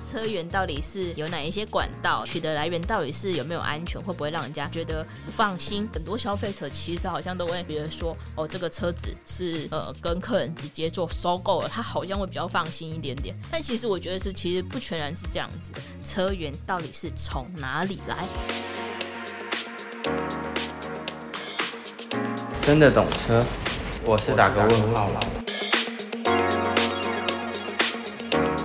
車源到底是有哪一些管道取得來源？到底是有沒有安全？會不會讓人家覺得不放心？很多消費者其實好像都會覺得說，哦，這個車子是呃跟客人直接做收購了，他好像會比較放心一點點。但其實我覺得是，其實不全然是這樣子的。車源到底是從哪裡來？真滴懂車，我是打個問號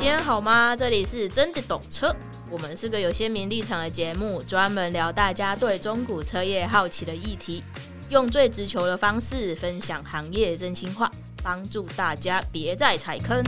今天好嗎？這裡是真的懂車，我們是個有鮮明立場的節目，專門聊大家對中古車業好奇的議題，用最直球的方式分享行業真心話，幫助大家別再踩坑。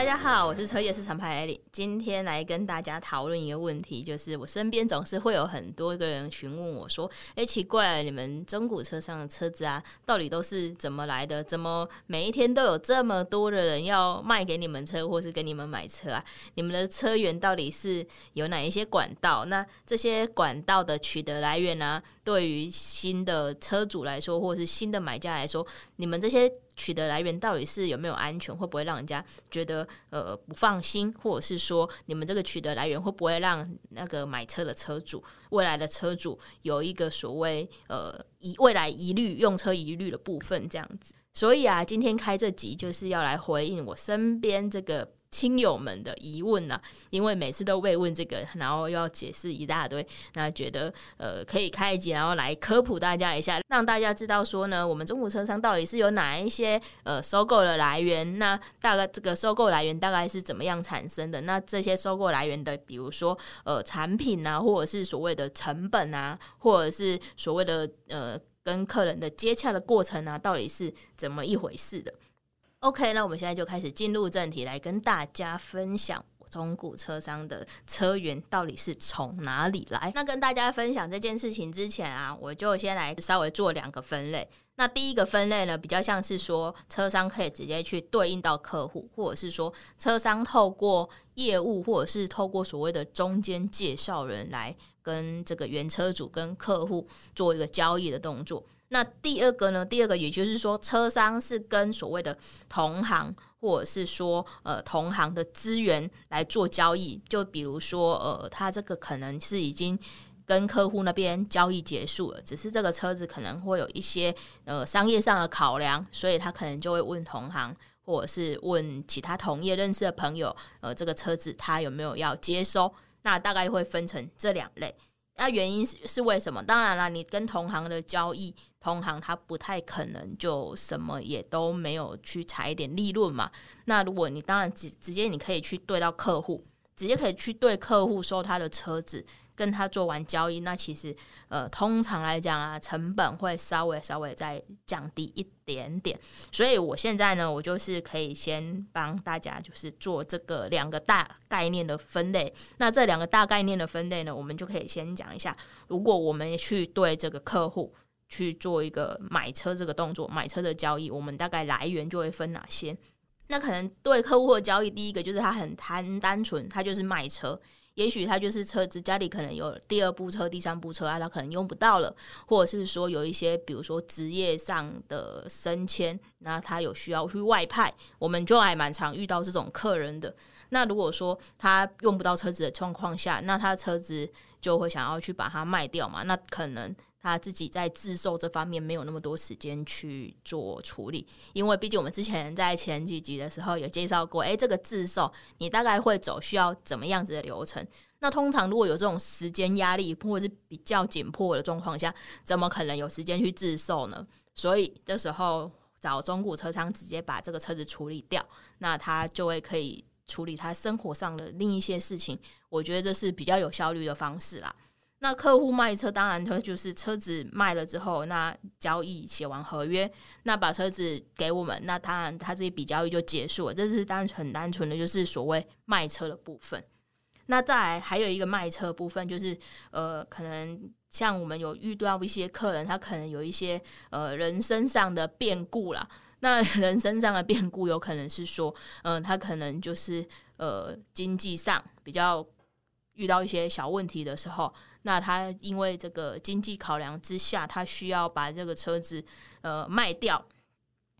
大家好，我是車界市場派 Elin。今天來跟大家討論一個問題，就是我身邊總是會有很多個人詢問我說：“哎、欸，奇怪了，你們中古車商的車子啊，到底都是怎麼來的？怎麼每一天都有這麼多的人要賣給你們車，或是給你們買車啊？你們的車源到底是有哪一些管道？那這些管道的取得來源呢、啊？對於新的車主來說，或是新的買家來說，你們這些？”取得來源到底是有沒有安全，會不會讓人家覺得呃不放心，或者是說你們這個取得來源會不會讓那個買車的車主、未來的車主有一個所謂呃疑未來疑慮、用車疑慮的部分這樣子？所以啊，今天開這集就是要來回應我身邊這個。親友們的疑問呢、啊？因為每次都被問這個，然後要解釋一大堆，那覺得呃可以開一集，然後來科普大家一下，讓大家知道說呢，我們中古車商到底是有哪一些呃收購的來源？那大概這個收購來源大概是怎麼樣產生的？那這些收購來源的，比如說呃產品啊，或者是所謂的成本啊，或者是所謂的呃跟客人的接洽的過程啊，到底是怎麼一回事的？OK，那我們現在就開始進入正題，來跟大家分享中古車商的車源到底是從哪裡來？那跟大家分享這件事情之前啊，我就先來稍微做兩個分類。那第一個分類呢，比較像是說車商可以直接去對應到客戶，或者是說車商透過業務，或者是透過所謂的中間介紹人來跟這個原車主跟客戶做一個交易的動作。那第二個呢？第二個也就是說，車商是跟所謂的同行，或者是說呃同行的資源來做交易。就比如說呃，他這個可能是已經跟客戶那邊交易結束了，只是這個車子可能會有一些呃商業上的考量，所以他可能就會問同行，或者是問其他同業認識的朋友，呃，這個車子他有沒有要接收。那大概會分成這兩類。那原因是是為什麼？當然了，你跟同行的交易，同行他不太可能就什麼也都沒有去踩一點利潤嘛。那如果你當然直、直接，你可以去對到客戶，直接可以去對客戶收他的車子。跟他做完交易，那其實呃，通常來講啊，成本會稍微稍微再降低一點點。所以我現在呢，我就是可以先幫大家就是做這個兩個大概念的分類。那這兩個大概念的分類呢，我們就可以先講一下，如果我們去對這個客戶去做一個買車這個動作，買車的交易，我們大概來源就會分哪些？那可能對客戶的交易，第一個就是他很貪單純，他就是賣車。也許他就是車子，家裡可能有第二部車、第三部車啊，他，他可能用不到了，或者是說有一些，比如說職業上的升遷，那他有需要去外派，我們就還蠻常遇到這種客人的。那如果說他用不到車子的狀況下，那他的車子就會想要去把它賣掉嘛。那可能。他自己在自售這方面沒有那麼多時間去做處理，因為畢竟我們之前在前幾集的時候有介紹過，誒，這個自售你大概會走需要怎麼樣子的流程？那通常如果有這種時間壓力或者是比較緊迫的狀況下，怎麼可能有時間去自售呢？所以這時候找中古車商直接把這個車子處理掉，那他就會可以處理他生活上的另一些事情。我覺得這是比較有效率的方式啦。那客戶賣車，當然他就是車子賣了之後，那交易寫完合約，那把車子給我們，那當然他這一筆交易就結束了。這是當然很單純的就是所謂賣車的部分。那再來還有一個賣車部分，就是呃，可能像我們有遇到一些客人，他可能有一些呃人身上的變故啦。那人身上的變故有可能是說，嗯、呃，他可能就是呃經濟上比較遇到一些小問題的時候。那他因為這個經濟考量之下，他需要把這個車子呃賣掉。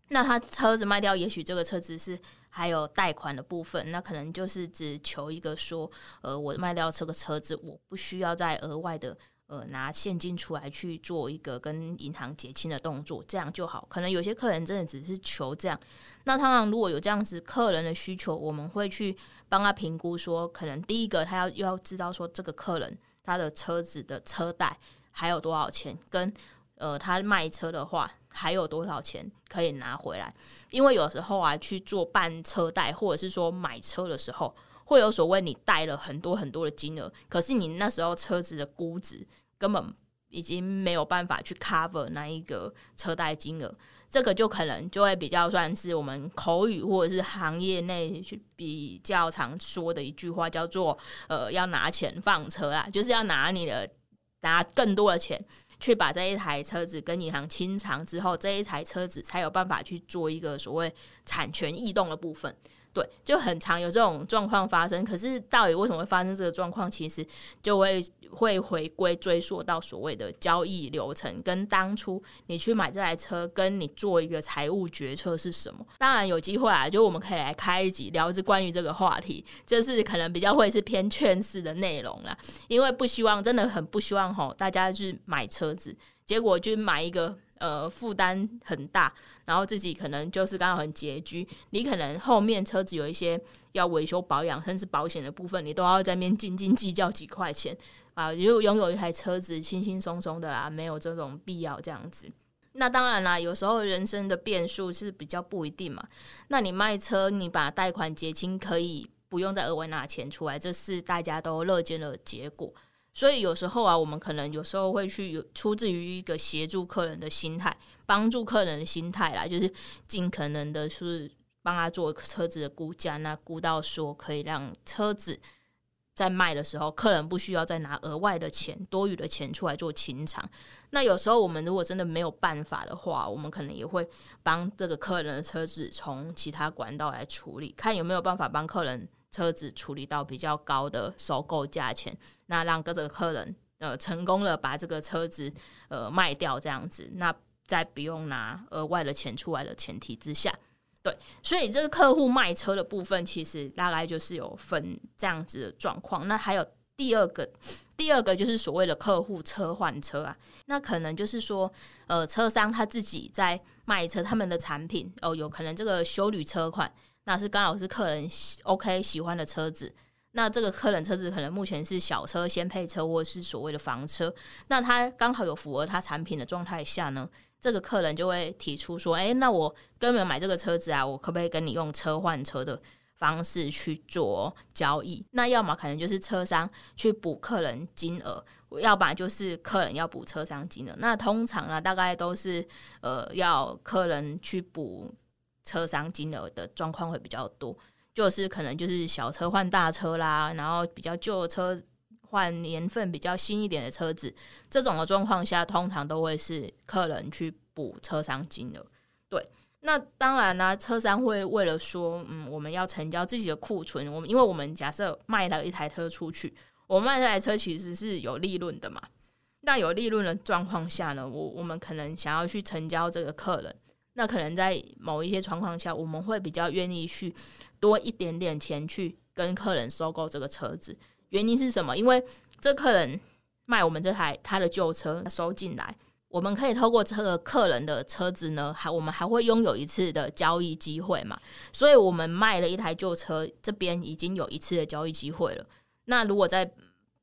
那他車子賣掉，也許這個車子是還有貸款的部分，那可能就是只求一個說，呃，我賣掉這個車子，我不需要再額外的呃拿現金出來去做一個跟銀行結清的動作，這樣就好。可能有些客人真的只是求這樣。那他如果有這樣子客人的需求，我們會去幫他評估說，可能第一個他要又要知道說這個客人。他的車子的車貸還有多少錢？跟呃，他賣車的話還有多少錢可以拿回來？因為有時候啊，去做辦車貸或者是說買車的時候，會有所謂你貸了很多很多的金額，可是你那時候車子的估值，根本已經沒有辦法去 cover 那一個車貸金額。這個就可能就會比較算是我們口語或者是行業內去比較常說的一句話，叫做“呃，要拿錢放車啊”，就是要拿你的拿更多的錢去把這一台車子跟銀行清償之後，這一台車子才有辦法去做一個所謂產權異動的部分。對，就很常有這種狀況發生。可是，到底為什麼會發生這個狀況？其實就會會回歸追溯到所謂的交易流程，跟當初你去買這台車，跟你做一個財務決策是什麼？當然有機會啊，就我們可以來開一集聊着關於這個話題。這是可能比較會是偏勸世的內容啦，因為不希望，真的很不希望吼、哦，大家去買車子，結果就買一個呃負擔很大。然後自己可能就是剛好很拮據，你可能後面車子，有一些要維修保養，甚至保險的部分，你都要在那邊斤斤計較幾塊錢啊。如果擁有一台車子，輕輕松松的啊，沒有這種必要這樣子。那當然啦，有時候人生的變數是比較不一定嘛。那你賣車，你把貸款結清，可以不用再額外拿錢出來，這是大家都樂見的結果。所以有時候啊，我們可能有時候會去有出自於一個協助客人的心態，幫助客人的心態啦，就是盡可能的是幫他做車子的估價，那估到說可以讓車子在賣的時候，客人不需要再拿額外的錢、多餘的錢出來做清償。那有時候我們如果真的沒有辦法的話，我們可能也會幫這個客人的車子從其他管道來處理，看有沒有辦法幫客人。車子處理到比較高的收購價錢，那讓各個客人呃成功的把這個車子呃賣掉，這樣子，那再不用拿額外的錢出來的前提之下，對，所以這個客戶賣車的部分其實大概就是有分這樣子的狀況。那還有第二個，第二個就是所謂的客戶車換車啊，那可能就是說，呃，車商他自己在賣車他們的產品哦、呃，有可能這個休旅車款。那是剛好是客人 OK 喜歡的車子，那這個客人車子可能目前是小車、先配車，或是所謂的房車。那他剛好有符合他產品的狀態下呢，這個客人就會提出說：“哎、欸，那我根本買這個車子啊，我可不可以跟你用車換車的方式去做交易？”那要麼可能就是車商去補客人金額，要不然就是客人要補車商金額。那通常啊，大概都是呃要客人去補。車商金額的狀況會比較多，就是可能就是小車換大車啦，然後比較舊的車換年份比較新一點的車子，這種的狀況下，通常都會是客人去補車商金額。對，那當然啦、啊，車商會為了說，嗯，我們要成交自己的庫存，我們因為我們假設賣了一台車出去，我賣這台車其實是有利潤的嘛。那有利潤的狀況下呢，我我們可能想要去成交這個客人。那可能在某一些狀況下，我們會比較願意去多一點點錢去跟客人收購這個車子。原因是什麼？因為這客人賣我們這台他的舊車收進來，我們可以透過這個客人的車子呢，還我們還會擁有一次的交易機會嘛。所以我們賣了一台舊車，這邊已經有一次的交易機會了。那如果在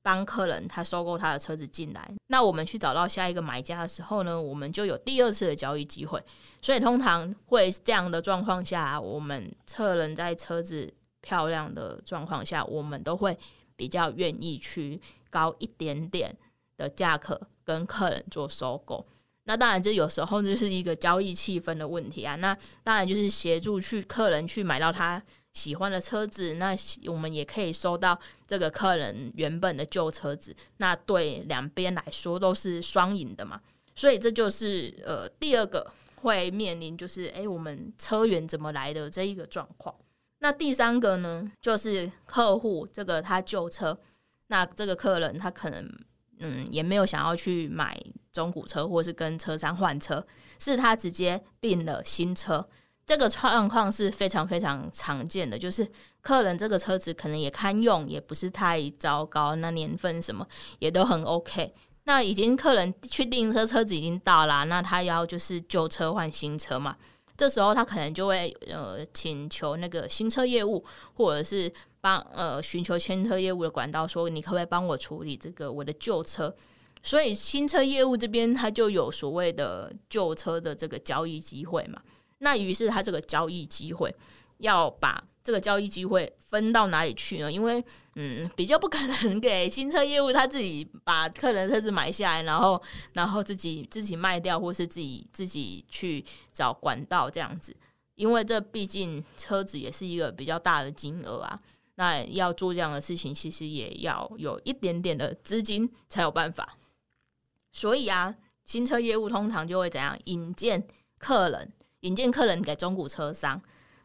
幫客人他收購他的車子進來，那我們去找到下一個買家的時候呢，我們就有第二次的交易機會。所以通常會這樣的狀況下，我們客人在車子漂亮的狀況下，我們都會比較願意去高一點點的價格跟客人做收購。那當然這有時候就是一個交易氣氛的問題啊。那當然就是協助去客人去買到他。喜歡的車子，那我們也可以收到這個客人原本的舊車子，那對兩邊來說都是雙贏的嘛。所以這就是呃第二個會面臨就是誒、欸，我們車源怎麼來的這一個狀況。那第三個呢，就是客戶這個他舊車，那這個客人他可能嗯也沒有想要去買中古車或是跟車商換車，是他直接訂了新車。這個狀況是非常非常常見的，就是客人這個車子可能也堪用，也不是太糟糕，那年份什麼也都很 OK。那已經客人去訂車，車子已經到了，那他要就是舊車換新車嘛。這時候他可能就會呃請求那個新車業務，或者是幫呃尋求牽車業務的管道，說你可不可以幫我處理這個我的舊車？所以新車業務這邊他就有所謂的舊車的這個交易機會嘛。那於是他這個交易機會，要把這個交易機會分到哪裡去呢？因為嗯，比較不可能給新車業務他自己把客人的車子買下來，然後然後自己自己賣掉，或是自己自己去找管道這樣子。因為這畢竟車子也是一個比較大的金額啊。那要做這樣的事情，其實也要有一點點的資金才有辦法。所以啊，新車業務通常就會怎樣引薦客人。引薦客人給中古車商，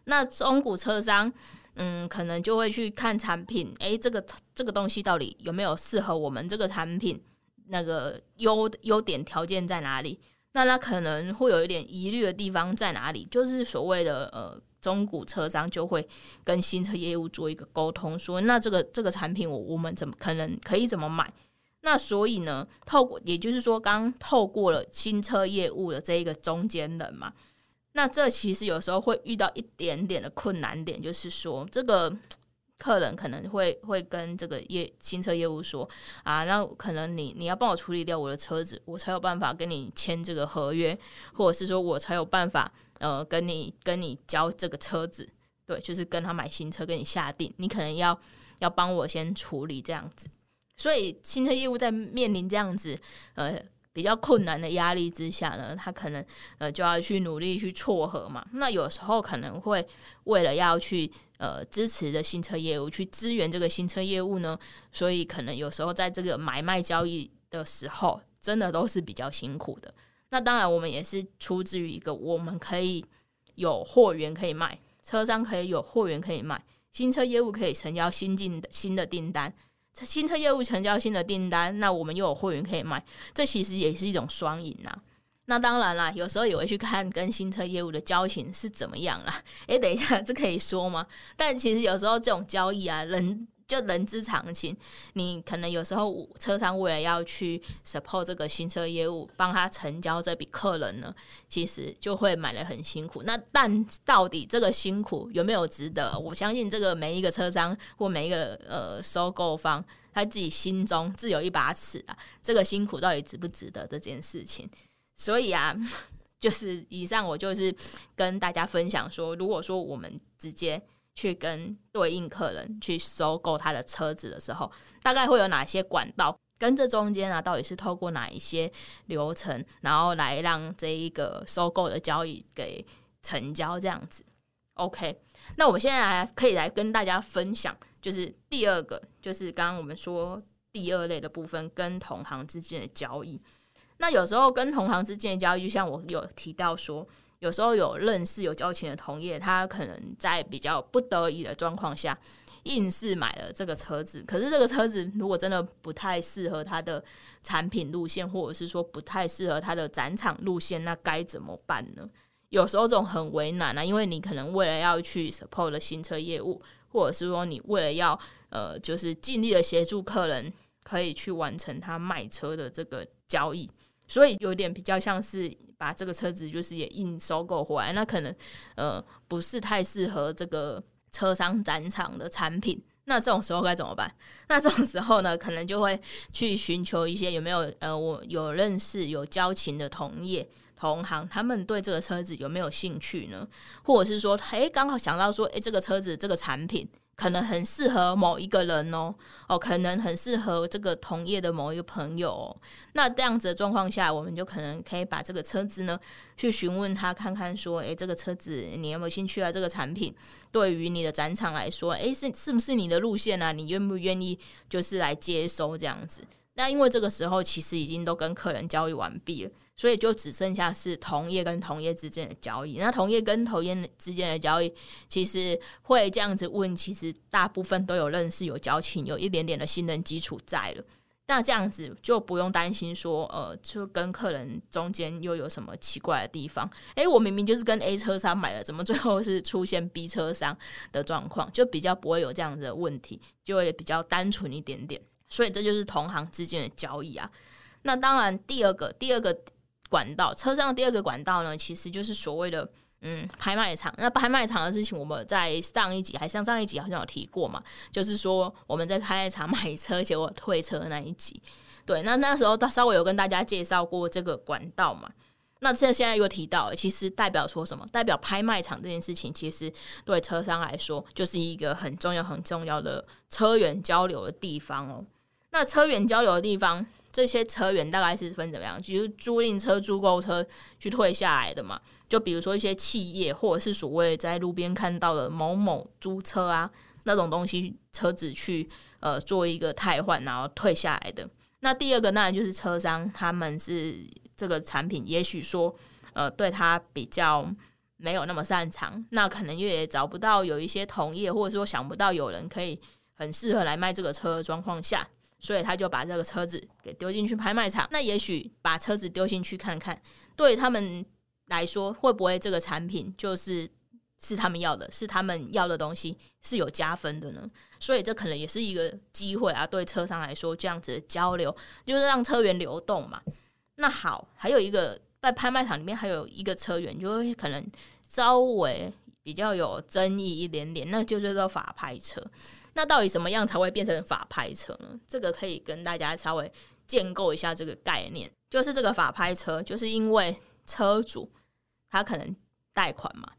那中古車商嗯，可能就會去看產品，誒，這個這個東西到底有沒有適合我們這個產品？那個優優點條件在哪裡？那他可能會有一點疑慮的地方在哪裡？就是所謂的呃，中古車商就會跟新車業務做一個溝通，說，那這個這個產品我我們怎麼可能可以怎麼買？那所以呢，透過也就是說，剛剛透過了新車業務的這一個中間人嘛。那這其實有時候會遇到一點點的困難點，就是說這個客人可能會會跟這個業新車業務說啊，那可能你你要幫我處理掉我的車子，我才有辦法跟你簽這個合約，或者是說我才有辦法呃跟你跟你交這個車子，對，就是跟他買新車跟你下定，你可能要要幫我先處理這樣子，所以新車業務在面臨這樣子呃。比較困難的壓力之下呢，他可能呃就要去努力去撮合嘛。那有時候可能會為了要去呃支持的新車業務去支援這個新車業務呢，所以可能有時候在這個買賣交易的時候，真的都是比較辛苦的。那當然，我們也是出自於一個我們可以有貨源可以賣，車商可以有貨源可以賣，新車業務可以成交新進的新的訂單。新車業務成交新的訂單，那我們又有貨源可以賣，這其實也是一種雙贏啊。那當然啦，有時候也會去看跟新車業務的交情是怎麼樣啦、啊。誒，等一下，這可以說嗎？但其實有時候這種交易啊，人。就人之常情，你可能有時候車商為了要去 support 這個新車業務，幫他成交這筆客人呢，其實就會買得很辛苦。那但到底這個辛苦有沒有值得？我相信這個每一個車商或每一個呃收購方，他自己心中自有一把尺啊。這個辛苦到底值不值得這件事情？所以啊，就是以上我就是跟大家分享說，如果說我們直接。去跟對應客人去收購他的車子的時候，大概會有哪些管道？跟這中間啊，到底是透過哪一些流程，然後來讓這一個收購的交易給成交這樣子。OK，那我們現在來可以來跟大家分享，就是第二個，就是剛剛我們說第二類的部分，跟同行之間的交易。那有時候跟同行之間的交易，就像我有提到說。有時候有認識、有交情的同業，他可能在比較不得已的狀況下，硬是買了這個車子。可是這個車子如果真的不太適合他的產品路線，或者是說不太適合他的展場路線，那該怎麼辦呢？有時候這種很為難啊，因為你可能為了要去 support 新車業務，或者是說你為了要呃，就是盡力的協助客人，可以去完成他賣車的這個交易。所以有點比較像是把這個車子就是也硬收購回來，那可能呃不是太適合這個車商展場的產品。那這種時候該怎麼辦？那這種時候呢，可能就會去尋求一些有沒有呃我有認識有交情的同業同行，他們對這個車子有沒有興趣呢？或者是說，欸，剛好想到說，欸，這個車子這個產品。可能很適合某一個人哦，哦，可能很適合這個同業的某一個朋友哦。那這樣子的狀況下，我們就可能可以把這個車子呢，去詢問他看看，說，誒，這個車子你有沒有興趣啊？這個產品對於你的展場來說，誒，是是不是你的路線啊？你願不願意就是來接收這樣子。那因為這個時候其實已經都跟客人交易完畢了。所以就只剩下是同業跟同業之間的交易，那同業跟同業之間的交易，其實會這樣子問，其實大部分都有認識、有交情、有一點點的信任基礎在了。那這樣子就不用擔心說，呃，就跟客人中間又有什麼奇怪的地方？誒、欸，我明明就是跟 A 車商買的，怎麼最後是出現 B 車商的狀況？就比較不會有這樣子的問題，就會比較單純一點點。所以這就是同行之間的交易啊。那當然，第二個，第二個。管道車商的第二個管道呢，其實就是所謂的嗯拍賣場。那拍賣場的事情，我們在上一集還上上一集好像有提過嘛，就是說我們在拍賣場買車，結果退車那一集。對，那那時候他稍微有跟大家介紹過這個管道嘛。那現現在又提到了，其實代表說什麼？代表拍賣場這件事情，其實對車商來說，就是一個很重要很重要的車源交流的地方哦、喔。那車源交流的地方。這些車源大概是分怎麼樣？就是租賃車、租購車去退下來的嘛？就比如說一些企業，或者是所謂在路邊看到的某某租車啊那種東西，車子去呃做一個汰換，然後退下來的。那第二個當然就是車商，他們是這個產品，也許說呃對他比較沒有那麼擅長，那可能也找不到有一些同業，或者說想不到有人可以很適合來賣這個車的狀況下。所以他就把這個車子給丟進去拍賣場。那也許把車子丟進去看看，對他們來說，會不會這個產品就是是他們要的，是他們要的東西是有加分的呢？所以這可能也是一個機會啊。對車商來說，這樣子的交流就是讓車源流動嘛。那好，還有一個在拍賣場裡面還有一個車源，就會可能稍微比較有爭議一點點，那就叫做法拍車。那到底什麼樣才會變成法拍車呢？這個可以跟大家稍微建構一下這個概念，就是這個法拍車，就是因為車主他可能貸款嘛，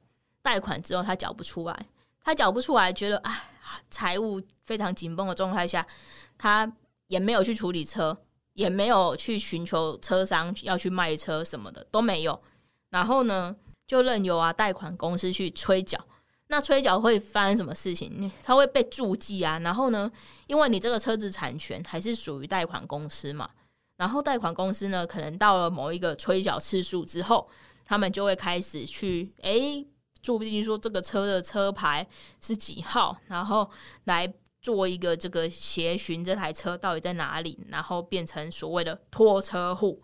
貸款之後他繳不出來，他繳不出來，覺得哎財務非常緊繃的狀態下，他也沒有去處理車，也沒有去尋求車商要去賣車什麼的都沒有，然後呢就任由啊貸款公司去催繳。那催繳會發生什麼事情？你他會被註記啊，然後呢，因為你這個車子產權還是屬於貸款公司嘛，然後貸款公司呢，可能到了某一個催繳次數之後，他們就會開始去哎，注定說這個車的車牌是幾號，然後來做一個這個協尋這台車到底在哪裡，然後變成所謂的拖車戶。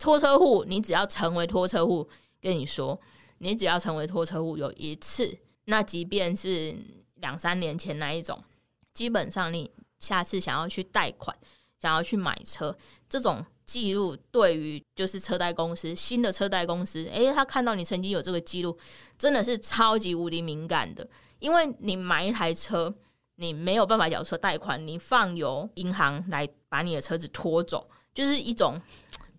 拖車戶，你只要成為拖車戶，跟你說，你只要成為拖車戶，有一次。那即便是兩三年前那一種，基本上你下次想要去貸款、想要去買車，這種記錄對於就是車貸公司，新的車貸公司，誒、欸，他看到你曾經有這個記錄，真的是超級無敵敏感的。因為你買一台車，你沒有辦法繳車貸款，你放由銀行來把你的車子拖走，就是一種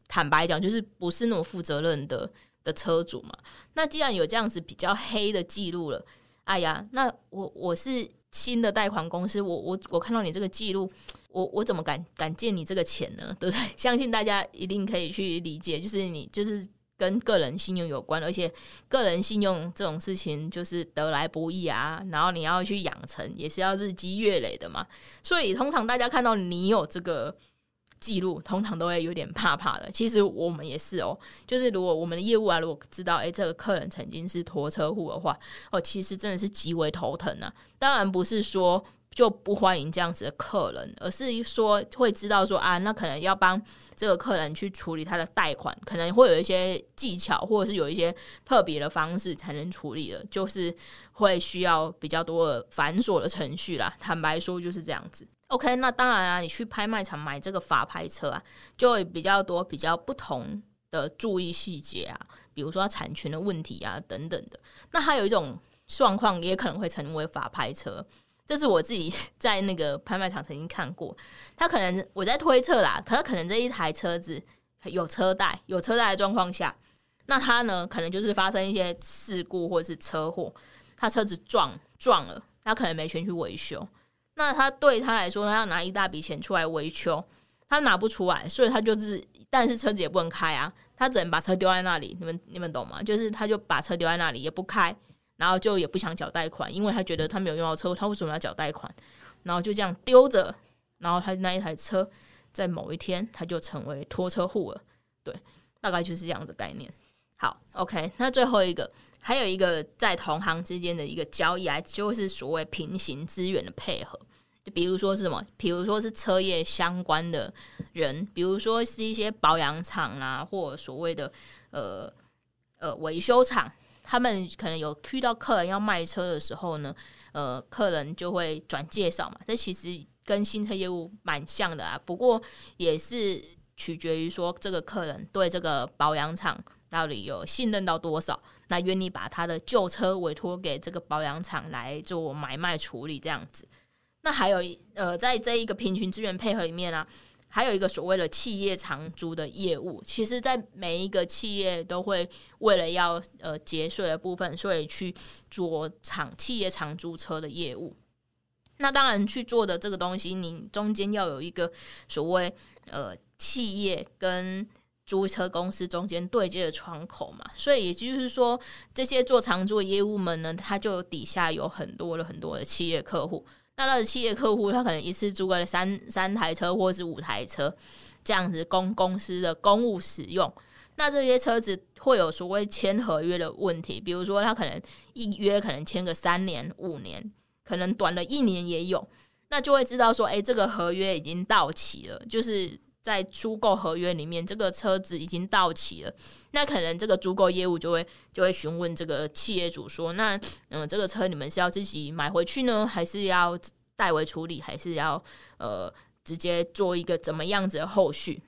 坦白講，就是不是那麼負責任的的車主嘛，那既然有這樣子比較黑的記錄了，哎呀，那我我是新的貸款公司，我我我看到你這個記錄，我我怎麼敢敢借你這個錢呢？對不對？相信大家一定可以去理解，就是你就是跟個人信用有關，而且個人信用這種事情就是得來不易啊，然後你要去養成，也是要日積月累的嘛。所以通常大家看到你有這個。記錄通常都會有點怕怕的，其實我們也是哦。就是如果我們的業務啊，如果知道誒這個客人曾經是拖車戶的話，哦，其實真的是極為頭疼啊。當然不是說就不歡迎這樣子的客人，而是說會知道說啊，那可能要幫這個客人去處理他的貸款，可能會有一些技巧，或者是有一些特別的方式才能處理的，就是會需要比較多的繁瑣的程序啦。坦白說就是這樣子。OK，那當然啊，你去拍賣場買這個法拍車啊，就會比較多比較不同的注意細節啊，比如說產權的問題啊等等的。那還有一種狀況也可能會成為法拍車，這是我自己在那個拍賣場曾經看過。他可能我在推測啦，可能可能這一台車子有車貸，有車貸的狀況下，那他呢可能就是發生一些事故或者是車禍，他車子撞撞了，他可能沒錢去維修。那他對他來說，他要拿一大筆錢出來維修，他拿不出來，所以他就是，但是車子也不能開啊，他只能把車丟在那裡。你們你們懂嗎？就是他就把車丟在那裡，也不開，然後就也不想繳貸款，因為他覺得他沒有用到車，他為什麼要繳貸款？然後就這樣丟着，然後他那一台車在某一天他就成為拖車戶了，對，大概就是這樣的概念。好，OK，那最後一個。還有一個在同行之間的一個交易啊，就是所謂平行資源的配合。就比如說是什麼？比如說是車業相關的人，比如說是一些保養廠啊，或所謂的呃呃維修廠，他們可能有遇到客人要賣車的時候呢，呃，客人就會轉介紹嘛。這其實跟新車業務蠻像的啊，不過也是取決於說這個客人對這個保養廠到底有信任到多少。他願意把他的舊車委托給這個保養廠來做買賣處理，這樣子。那還有一呃，在這一個平行資源配合裡面呢、啊，還有一個所謂的企業長租的業務，其實，在每一個企業都會為了要呃節稅的部分，所以去做廠企業長租車的業務。那當然，去做的這個東西，你中間要有一個所謂呃企業跟。租車公司中間對接的窗口嘛，所以也就是說，這些做長租業務們呢，它就底下有很多的很多的企業客戶。那那些企業客戶，他可能一次租個三三台車或者是五台車這樣子，供公司的公務使用。那這些車子會有所謂簽合約的問題，比如說他可能一約可能簽個三年五年，可能短了一年也有，那就會知道說，哎、欸，這個合約已經到期了，就是。在租購合約裡面，這個車子已經到期了，那可能這個租購業務就會就會詢問這個企業主說，那嗯、呃，這個車你們是要自己買回去呢，還是要代為處理，還是要呃直接做一個怎麼樣子的後續？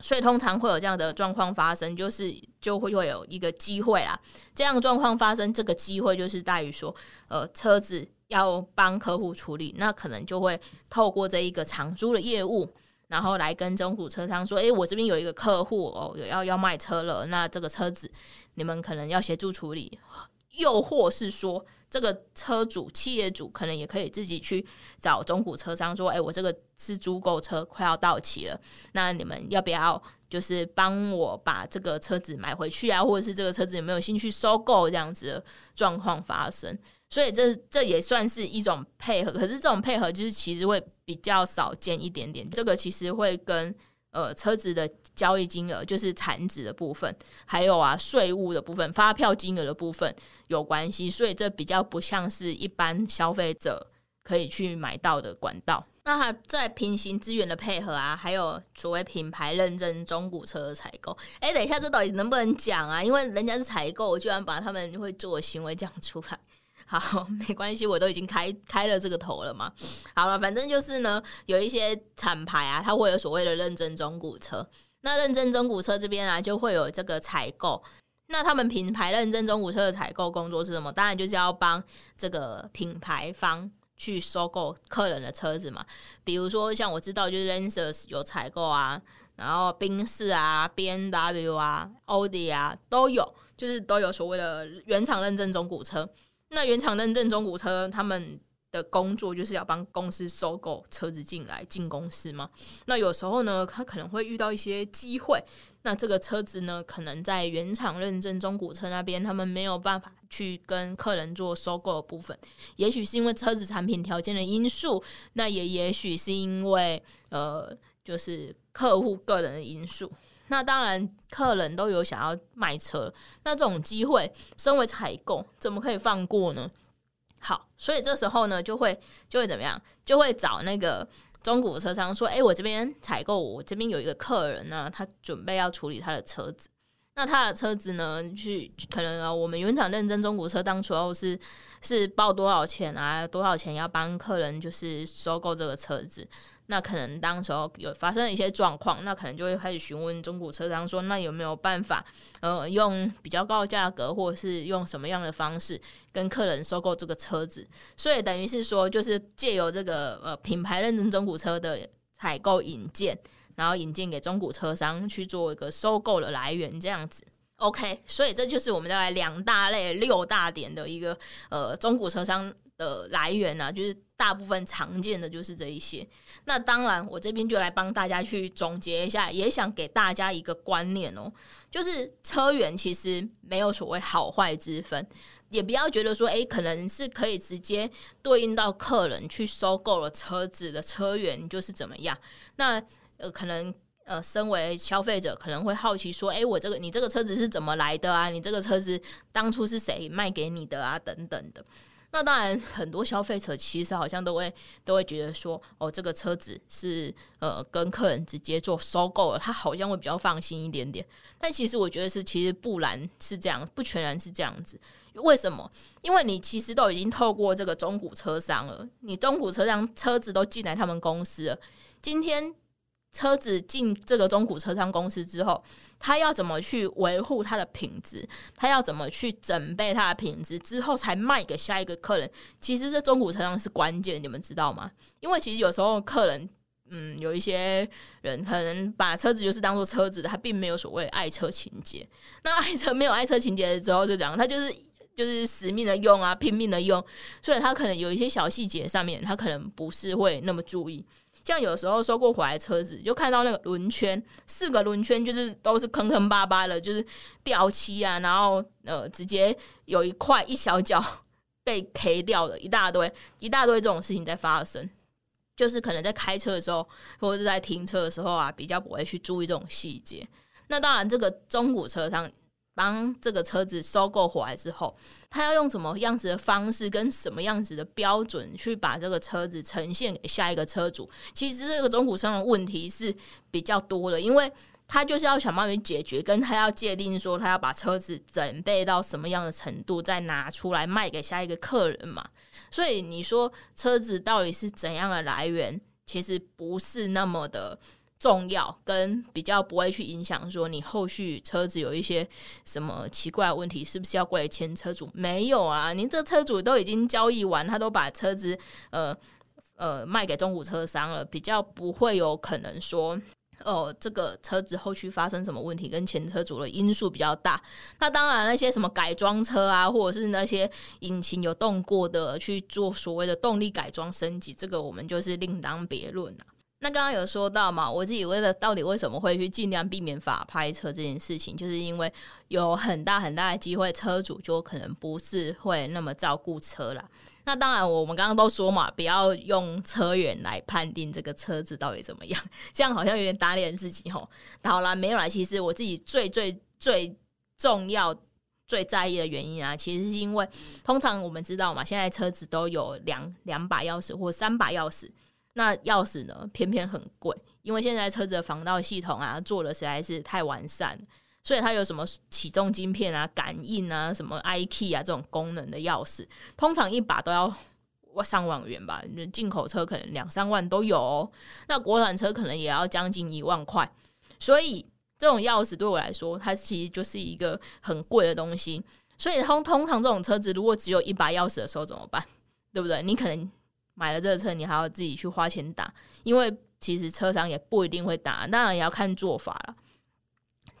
所以通常會有這樣的狀況發生，就是就會會有一個機會啦。這樣狀況發生，這個機會就是在於說，呃，車子要幫客戶處理，那可能就會透過這一個長租的業務。然後來跟中古車商說，哎，我這邊有一個客戶哦，有要要賣車了，那這個車子你們可能要協助處理；又或是說，這個車主、企業主可能也可以自己去找中古車商說，哎，我這個是租購車快要到期了，那你們要不要就是幫我把這個車子買回去啊？或者是這個車子有沒有興趣收購？這樣子的狀況發生。所以這這也算是一種配合，可是這種配合就是其實會比較少見一點點。這個其實會跟呃車子的交易金額，就是產值的部分，還有啊稅務的部分、發票金額的部分有關係，所以這比較不像是一般消費者可以去買到的管道。那他在平行資源的配合啊，還有所謂品牌認證中古車的採購，哎，等一下，這到底能不能講啊？因為人家是採購，我居然把他們會做的行為講出來。好，沒關係，我都已經開開了這個頭了嘛。好了，反正就是呢，有一些廠牌啊，它會有所謂的認證中古車。那認證中古車這邊啊，就會有這個採購。那他們品牌認證中古車的採購工作是什麼？當然就是要幫這個品牌方去收購客人的車子嘛。比如說像我知道，就是 Lancers 有採購啊，然後賓士啊、BMW 啊、Audi 啊都有，就是都有所謂的原廠認證中古車。那原廠認證中古車，他們的工作就是要幫公司收購車子進來進公司嗎？那有時候呢，他可能會遇到一些機會。那這個車子呢，可能在原廠認證中古車那邊，他們沒有辦法去跟客人做收購的部分。也許是因為車子產品條件的因素，那也也許是因為呃，就是客戶個人的因素。那當然，客人都有想要賣車，那這種機會，身為採購，怎麼可以放過呢？好，所以這時候呢，就會就會怎麼樣，就會找那個中古車商說：“哎、欸，我這邊採購，我這邊有一個客人呢、啊，他準備要處理他的車子。那他的車子呢，去可能、啊、我們原廠認證中古車，當初是是報多少錢啊？多少錢要幫客人就是收購這個車子。”那可能當時候有發生一些狀況，那可能就會開始詢問中古車商說，那有沒有辦法，呃，用比較高的價格，或者是用什麼樣的方式跟客人收購這個車子？所以等於是說，就是借由這個呃品牌認證中古車的採購引薦，然後引薦給中古車商去做一個收購的來源這樣子。OK，所以這就是我們大概兩大類六大點的一個呃中古車商的來源啊，就是。大部分常見的就是這一些，那當然我這邊就來幫大家去總結一下，也想給大家一個觀念哦，就是車源其實沒有所謂好壞之分，也不要覺得說，誒，可能是可以直接對應到客人去收購了車子的車源就是怎麼樣？那呃，可能呃，身為消費者可能會好奇說，誒，我這個你這個車子是怎麼來的啊？你這個車子當初是誰賣給你的啊？等等的。那當然，很多消費者其實好像都會都會覺得說，哦，這個車子是呃，跟客人直接做收購了，他好像會比較放心一點點。但其實我覺得是，其實不然是這樣，不全然是這樣子。為什麼？因為你其實都已經透過這個中古車商了，你中古車商車子都進來他們公司了，今天。車子進這個中古車商公司之後，他要怎麼去維護它的品質？他要怎麼去整備它的品質？之後才賣給下一個客人。其實這中古車商是關鍵，你們知道嗎？因為其實有時候客人，嗯，有一些人可能把車子就是當做車子的，他並沒有所謂愛車情節。那愛車沒有愛車情節的時候，就怎樣？他就是就是死命的用啊，拼命的用，所以他可能有一些小細節上面，他可能不是會那麼注意。像有時候收購回來車子，就看到那個輪圈，四個輪圈就是都是坑坑巴巴的，就是掉漆啊，然後呃，直接有一塊一小角被 K 掉了，一大堆一大堆這種事情在發生，就是可能在開車的時候或者是在停車的時候啊，比較不會去注意這種細節。那當然，這個中古車上。幫這個車子收購回來之後，他要用什麼樣子的方式，跟什麼樣子的標準去把這個車子呈現給下一個車主？其實這個中古車的問題是比較多的，因為他就是要想辦法解決，跟他要界定說他要把車子整備到什麼樣的程度，再拿出來賣給下一個客人嘛。所以你說車子到底是怎樣的來源，其實不是那麼的。重要，跟比較不會去影響，說你後續車子有一些什麼奇怪的問題，是不是要歸前車主？沒有啊，您這車主都已經交易完，他都把車子呃呃賣給中古車商了，比較不會有可能說哦、呃，這個車子後續發生什麼問題跟前車主的因素比較大。那當然，那些什麼改裝車啊，或者是那些引擎有動過的去做所謂的動力改裝升級，這個我們就是另當別論了。那剛剛有說到嘛，我自己為了到底為什麼會去儘量避免法拍車這件事情，就是因為有很大很大的機會車主就可能不是會那麼照顧車啦。那當然，我們剛剛都說嘛，不要用車源來判定這個車子到底怎麼樣，這樣好像有點打臉自己哦。好啦，沒有啦。其實我自己最最最重要最在意的原因啊，其實是因為通常我們知道嘛，現在車子都有兩兩把鑰匙或三把鑰匙。那鑰匙呢？偏偏很貴，因為現在車子的防盜系統啊做的實在是太完善，所以它有什麼啟動晶片啊、感應啊、什麼 i-key 啊這種功能的鑰匙，通常一把都要上萬元吧。進口車可能兩三萬都有哦，那國產車可能也要將近一萬塊。所以這種鑰匙對我來說，它其實就是一個很貴的東西。所以通通常這種車子如果只有一把鑰匙的時候怎麼辦？對不對？你可能。買了這個車，你還要自己去花錢打，因為其實車商也不一定會打，當然也要看做法了。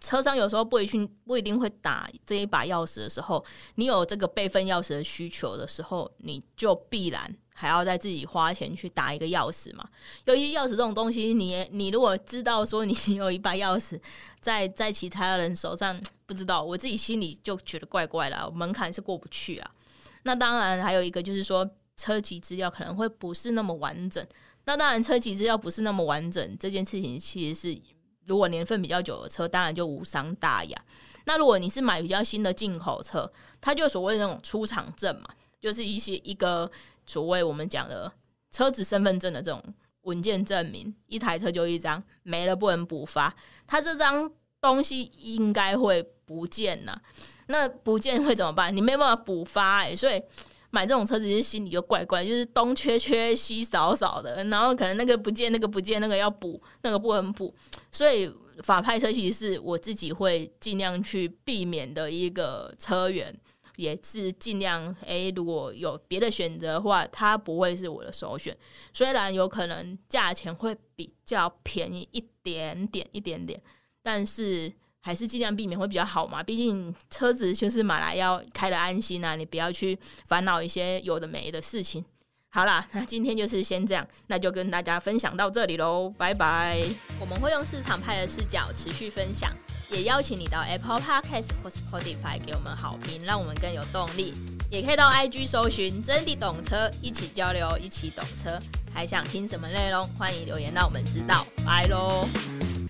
車商有時候不一定、不一定會打這一把鑰匙的時候，你有這個備份鑰匙的需求的時候，你就必然還要再自己花錢去打一個鑰匙嘛。尤其鑰匙這種東西你，你你如果知道說你有一把鑰匙在在其他人手上，不知道，我自己心裡就覺得怪怪了，門檻是過不去啊。那當然還有一個就是說。車籍資料可能會不是那麼完整，那當然車籍資料不是那麼完整這件事情，其實是如果年份比較久的車，當然就無傷大雅。那如果你是買比較新的進口車，它就所謂那種出廠證嘛，就是一些一個所謂我們講的車子身份證的這種文件證明，一台車就一張，沒了不能補發，它這張東西應該會不見吶，那不見會怎麼辦？你沒辦法補發哎、欸，所以。買這種車子，其實心裡就怪怪，就是東缺缺，西少少的，然後可能那個不見，那個不見，那個要補，那個不能補，所以法拍車其實是我自己會盡量去避免的一個車源，也是盡量、欸、如果有別的選擇的話，它不會是我的首選，雖然有可能價錢會比較便宜一點點、一點點，但是。還是盡量避免會比較好嘛，畢竟車子就是買來要開的安心啊，你不要去煩惱一些有的沒的事情。好啦，那今天就是先這樣，那就跟大家分享到這裡嘍，拜拜。我們會用市場派的視角持續分享，也邀請你到 Apple Podcast 或 Spotify 給我們好評，讓我們更有動力。也可以到 IG 搜尋真的懂車，一起交流，一起懂車。還想聽什麼內容？歡迎留言讓我們知道。拜嘍。